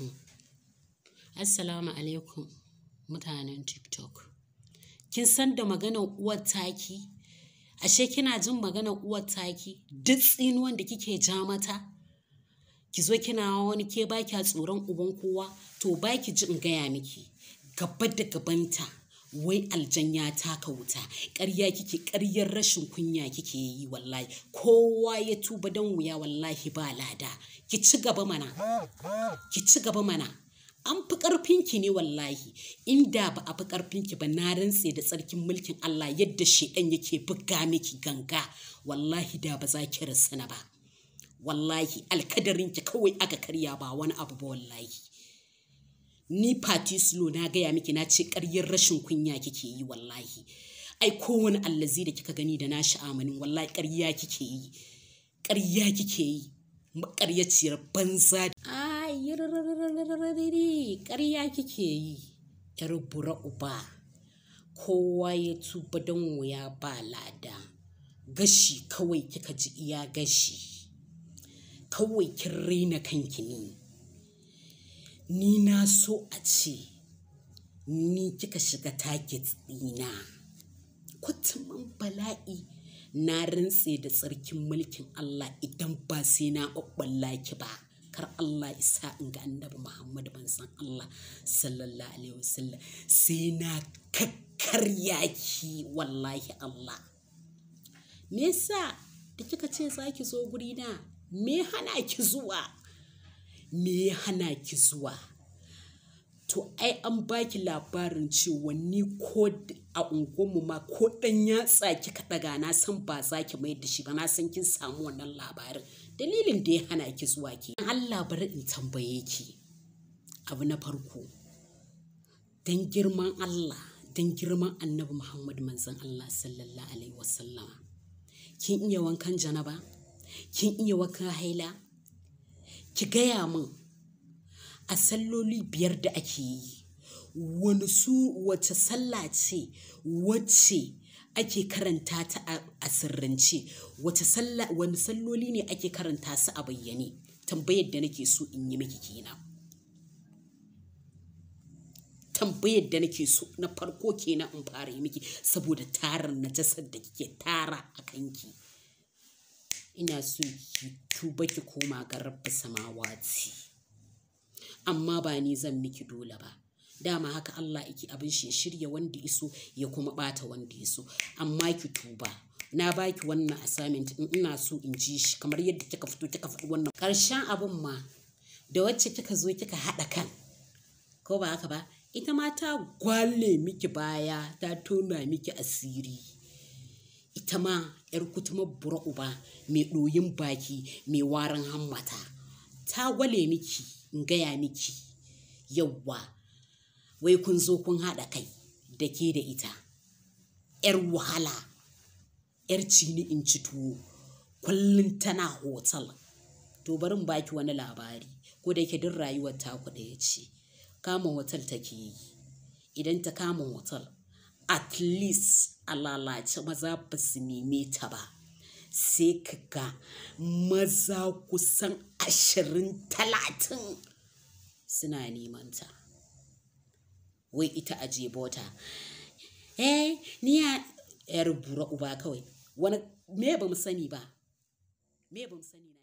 alaikum. Assalamu alaikum mutanen TikTok. Kin san da maganar uwar taki? Ashe kina jin maganar uwar taki? Duk tsinuwan da kike ja mata? Ki zo kina wani ke baki kya tsoron uban kowa? To baki ji in gaya miki. Gaba da gabanta. wai aljan ya taka wuta ƙarya kike ƙaryar rashin kunya kike yi wallahi kowa ya tuba dan wuya wallahi ba lada ki ci gaba mana ki ci gaba mana an fi ƙarfinki ne wallahi inda ba a fi ƙarfinki ba na rantse da tsarkin mulkin Allah yadda shedan yake buga miki ganga wallahi da ba za ki na ba wallahi alkadarinki kawai aka karya ba wani abu ba wallahi ni party slow na gaya miki na ce karyar rashin kunya kike yi wallahi ai kowane allazi da kika gani da na sha'amanin wallahi karya kike yi karya kike yi makaryaciyar banza ai karya kike yi yar bura uba kowa ya tuba don wuya ba lada gashi kawai kika ji iya gashi kawai kin raina kanki ne ni na so a ce ni kika shiga target ɗina kwatamin bala'i na rantse da tsarkin mulkin Allah idan ba sai na ɓaɓɓalla ki ba kar Allah isa in ga annabi Muhammad ban san Allah sallallahu alaihi wasallam sai na kakkarya ki wallahi Allah me yasa da kika ce zaki zo guri na me hana ki zuwa me ya hana ki zuwa to ai an baki labarin cewa ni ko a unguwarmu ma ko dan ya tsaki kika daga na san ba za ki mai da shi ba na san kin samu wannan labarin dalilin da ya hana ki zuwa ke. Allah labarin in tambaye ki abu na farko dan girman Allah dan girman Annabi Muhammad manzon Allah sallallahu alaihi wasallama kin iya wankan janaba kin iya wankan haila ki gaya min a salloli biyar da ake yi wani su wace sallah ce wacce ake karanta ta a sirrance wace wani salloli ne ake karanta su a bayyane tambayar da nake so in yi miki kenan tambayar da nake so na farko kenan in fara yi miki saboda tarin najasar da kike tara a kanki. ina so ki tuba ki koma ga rabbi samawati amma ba ni zan miki dole ba dama haka Allah yake abin shi shirya wanda iso ya kuma bata wanda iso amma ki tuba na baki wannan assignment in ina so in ji shi kamar yadda kika fito kika faɗi wannan karshen abun ma da wacce kika zo kika haɗa kan ko ba haka ba ita ma ta gwale miki baya ta tona miki asiri ita ma yar kutuma bura uba mai ɗoyin baki mai warin hammata ta gwale miki in gaya miki yawwa wai kun zo kun haɗa kai da ke da ita yar wahala yar cini in ci tuwo kullum tana hotel to barin baki wani labari ko da yake duk rayuwar ta kuɗa ya ce kama hotel take yi idan ta kama hotel at least a lalace maza ba su neme ta ba sai ka ga maza kusan ashirin talatin suna neman ta wai ita a jebota eh ni ya yar bura uba kawai wani me ba mu sani ba me ba mu sani